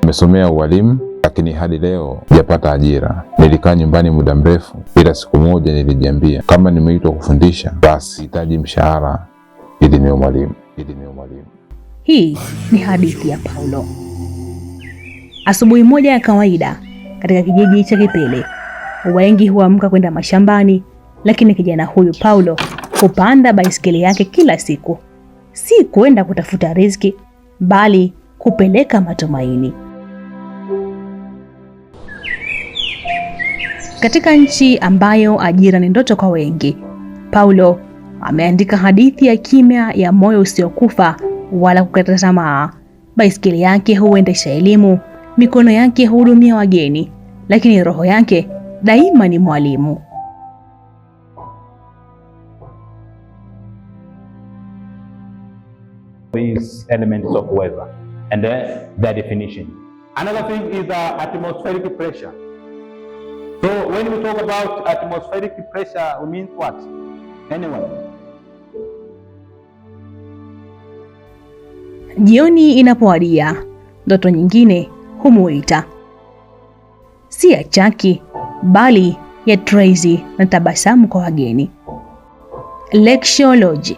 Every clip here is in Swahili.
Nimesomea ualimu lakini hadi leo sijapata ajira. Nilikaa nyumbani muda mrefu, ila siku moja nilijiambia kama nimeitwa kufundisha basi sihitaji mshahara ili niwe mwalimu, ili niwe mwalimu. Hii ni hadithi ya Paulo. Asubuhi moja ya kawaida katika kijiji cha Kipele, wengi huamka kwenda mashambani, lakini kijana huyu Paulo hupanda baiskeli yake kila siku, si kuenda kutafuta riziki, bali hupeleka matumaini. Katika nchi ambayo ajira ni ndoto kwa wengi, Paulo ameandika hadithi ya kimya ya moyo usiokufa wala kukata tamaa. Baiskeli yake huendesha elimu, mikono yake huhudumia wageni, lakini roho yake daima ni mwalimu. These elements of weather and uh, their definition. Another thing is uh, atmospheric pressure. So when we talk about atmospheric pressure, we mean what? Anyone? Jioni inapowadia, ndoto nyingine humuita si ya chaki bali ya Tracy na tabasamu kwa wageni. Lexicology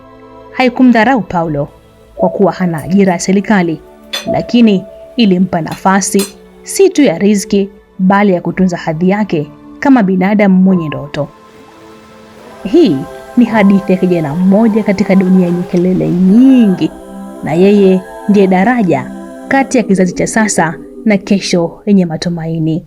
haikumdharau Paulo kwa kuwa hana ajira ya serikali lakini ilimpa nafasi si tu ya riziki bali ya kutunza hadhi yake kama binadamu mwenye ndoto. Hii ni hadithi ya kijana mmoja katika dunia yenye kelele nyingi, na yeye ndiye daraja kati ya kizazi cha sasa na kesho yenye matumaini.